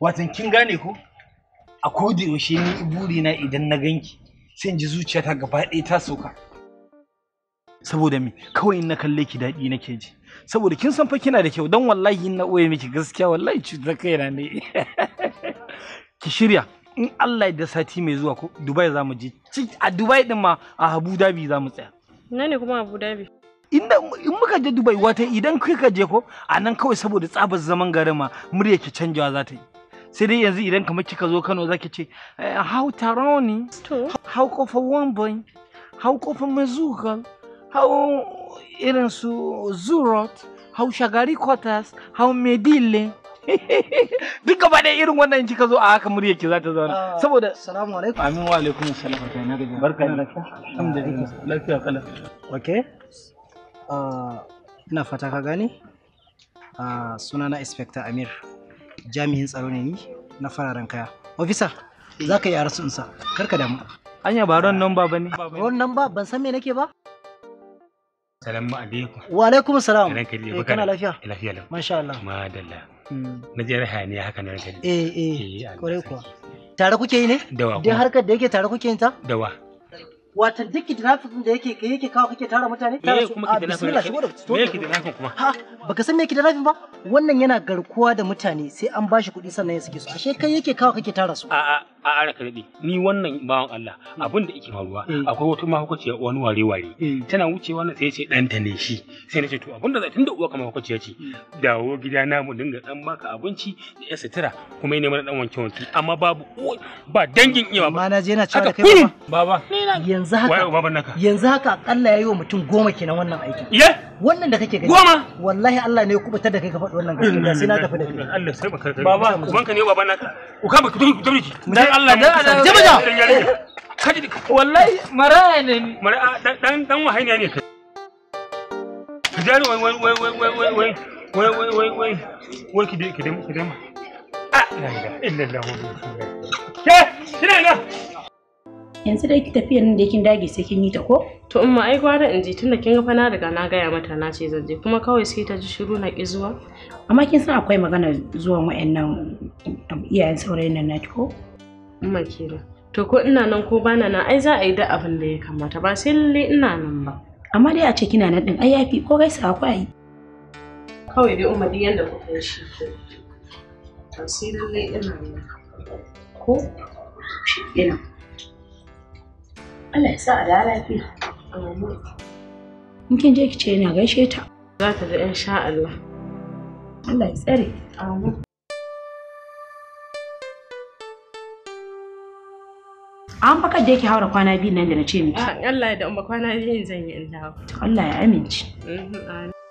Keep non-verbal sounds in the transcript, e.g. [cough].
watan kin gane ko a koda yaushe ni buri na idan na ganki sai in ji zuciyata gaba ɗaya ta sauka saboda me kawai in na kalle ki daɗi nake ji saboda kin san fa kina da kyau dan wallahi na oye miki gaskiya wallahi cuta kaina ne [laughs] ki shirya in Allah da sati mai zuwa ko Dubai za mu je a Dubai din ma a Abu Dhabi za mu tsaya na ne kuma Abu Dhabi inda in muka je Dubai wata idan kika je ko a nan kawai saboda tsabar zaman garin ma murya ki canjawa za ta yi sai dai yanzu idan kamar kika zo Kano zaki ce how eh, taroni how kofa wambai how a mazugal how irin su zurot how shagari quarters how medile [laughs] duk gaba da irin wannan kika zo a haka murya ki za ta zauna ah, saboda assalamu alaikum amin wa alaikum assalam barka barka da lafiya alhamdulillah lafiya kala okay ah, ina fata ka gane ah, sunana inspector amir jami'in tsaro ne ni na fararen kaya ofisa za ka yi arasunsa kar ka damu anya ba ron nan ba ne ron nan ba ban san me nake ba salamu alaikum wa alaikum salam eh, kana lafiya lafiya lau masha Allah madalla hmm. na je rahaniya haka nan ranka eh eh kore kuwa tare kuke yi ne dawa dai harkar da yake tare kuke yin ta dawa watan duk kidnapping da yake yake kawo kake tara mutane me kuma ah, kidnapping me kidnapping kuma ha baka san me kidnapping ba wannan yana garkuwa da mutane sai an bashi kuɗi sannan ya sake su ashe kai yake kawo kake tara su a'a a ara ka daɗe ni wannan bawan Allah mm. abin da yake faruwa mm. akwai wata mahaukaciya wani ware ware mm. tana wucewa na sai ce dan ta ne shi sai na ce to abin da tunda uwa kamar mahaukaciya ce dawo gida na mu dinga dan baka abinci da ya sutura kuma ne mana dan wanke wanki amma babu ba dangin iya ba na je na ci da kai baba yanzu haka wai baban naka yanzu haka akalla yayi wa mutum goma kenan wannan aikin wannan da kake gani goma wallahi Allah ne ya kubutar da kai ka faɗi wannan gaskiya sai na tafi da kai Allah sai baka baba ku banka ne baban naka ku kama ku baka ku tafi Allah da je baja kaji wallahi maraya ne maraya dan dan wahaina ne kai jari wai wai wai wai wai wai wai wai wai wai wai ki dai ki dai ki dai ma ah la ilaha illallah ke kina ga yanzu dai ki tafi nan da kin dage sai kin yi ta ko to umma ai gwara in ji tunda kin ga fa na riga na gaya mata na ce zan je kuma kawai sai ta ji shiru na ki zuwa amma kin san akwai magana zuwa wa'annan iyayen saurayin nan na ko umma kenan to ko ina nan ko bana nan ai za a yi da abin da ya kamata ba sai lalle ina nan ba amma dai a ce kina nan din ai yafi ko gaisa ko ai kawai dai umma din yanda kuka yi shi to sai lalle ina nan ko ina Allah ya sa a da lafiya in kin je ki ce ina gaishe ta za ta da insha Allah Allah ya tsare amin an fa da yake haura kwana biyu nan da na ce miki ah, Allah ya da umma kwana biyu zan yi in dawo Allah ya amince mhm,